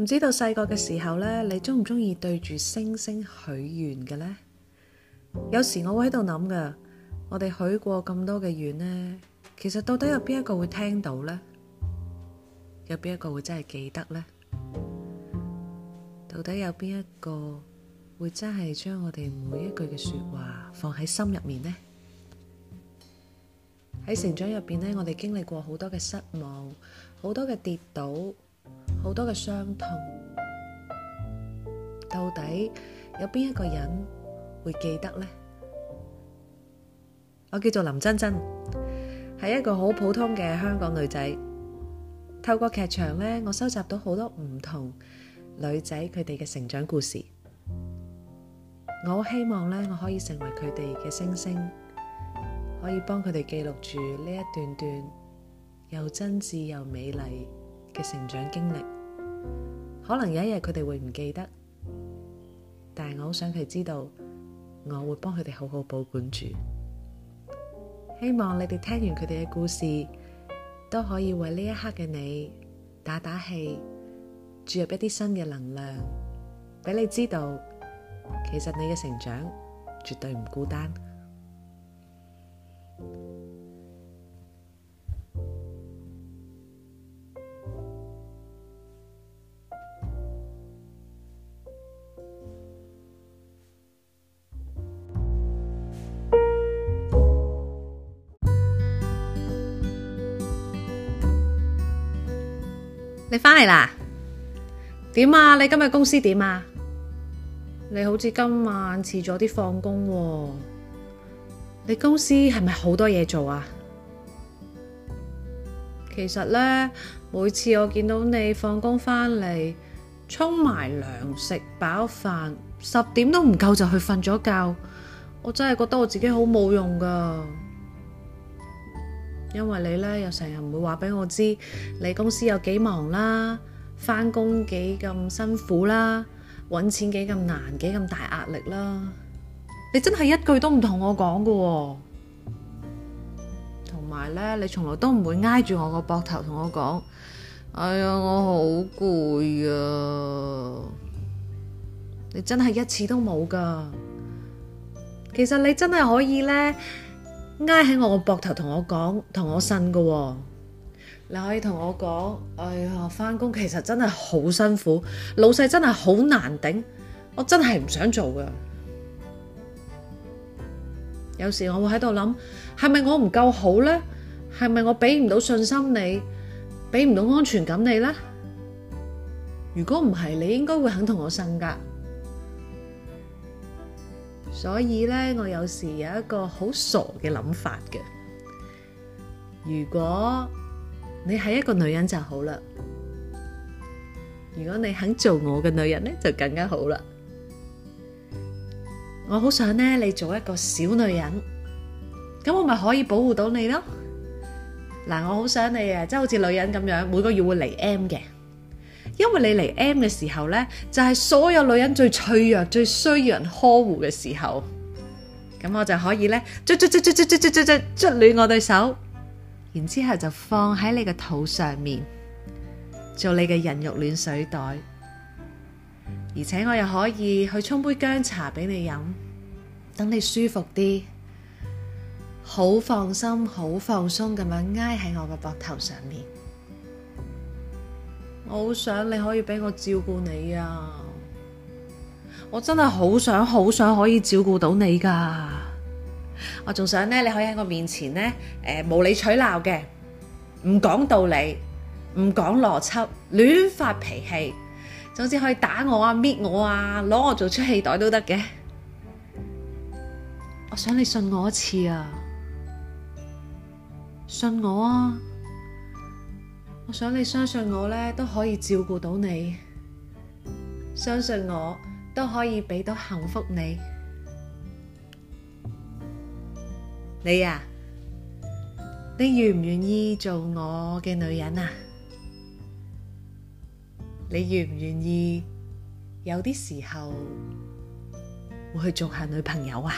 唔知道細個嘅時候呢，你中唔中意對住星星許願嘅呢？有時我會喺度諗嘅，我哋許過咁多嘅願呢，其實到底有邊一個會聽到呢？有邊一個會真係記得呢？到底有邊一個會真係將我哋每一句嘅說話放喺心入面呢？喺成長入邊呢，我哋經歷過好多嘅失望，好多嘅跌倒。好多嘅傷痛，到底有邊一個人會記得呢？我叫做林珍珍，係一個好普通嘅香港女仔。透過劇場咧，我收集到好多唔同女仔佢哋嘅成長故事。我好希望咧，我可以成為佢哋嘅星星，可以幫佢哋記錄住呢一段段又真摯又美麗嘅成長經歷，可能有一日佢哋會唔記得，但係我好想佢知道，我會幫佢哋好好保管住。希望你哋聽完佢哋嘅故事，都可以為呢一刻嘅你打打氣，注入一啲新嘅能量，俾你知道，其實你嘅成長絕對唔孤單。你返嚟啦？點啊？你今日公司點啊？你好似今晚遲咗啲放工喎。你公司係咪好多嘢做啊？其實咧，每次我見到你放工返嚟，沖埋涼，食飽飯，十點都唔夠就去瞓咗覺，我真係覺得我自己好冇用噶。因為你咧，又成日唔會話俾我知你公司有幾忙啦、啊，翻工幾咁辛苦啦，揾錢幾咁難，幾咁大壓力啦，你真係一句都唔同我講㗎喎。同埋咧，你從來都唔會挨住我個膊頭同我講，哎呀，我好攰啊！你真係一次都冇㗎。其實你真係可以咧。挨喺我個膊頭同我講，同我呻噶，哦，你可以同我講，哎呀，翻工其實真係好辛苦，老細真係好難頂，我真係唔想做噶。有時我會喺度諗，係咪我唔夠好呢？係咪我俾唔到信心你，俾唔到安全感你呢？如果唔係，你應該會肯同我呻噶。所以咧，我有時有一個好傻嘅諗法嘅。如果你係一個女人就好啦，如果你肯做我嘅女人咧，就更加好啦。我好想咧，你做一個小女人，咁我咪可以保護到你咯。嗱，我好想你啊，即係好似女人咁樣，每個月會嚟 M 嘅。因為你嚟 M 嘅時候咧，就係所有女人最脆弱、最需要人呵護嘅時候，咁我就可以咧，捽捽捽捽捽捽捽捽捽暖我對手，然之後就放喺你嘅肚上面，做你嘅人肉暖水袋，而且我又可以去沖杯薑茶俾你飲，等你舒服啲，好放心、好放鬆咁樣挨喺我個膊頭上面。我好想你可以俾我照顧你啊！我真係好想好想可以照顧到你噶，我仲想咧，你可以喺我面前咧，誒、呃、無理取鬧嘅，唔講道理，唔講邏輯，亂發脾氣，總之可以打我啊，搣我啊，攞我做出氣袋都得嘅。我想你信我一次啊，信我啊！我想你相信我呢，都可以照顧到你，相信我都可以俾到幸福你。你呀、啊，你願唔願意做我嘅女人啊？你願唔願意有啲時候會去做下女朋友啊？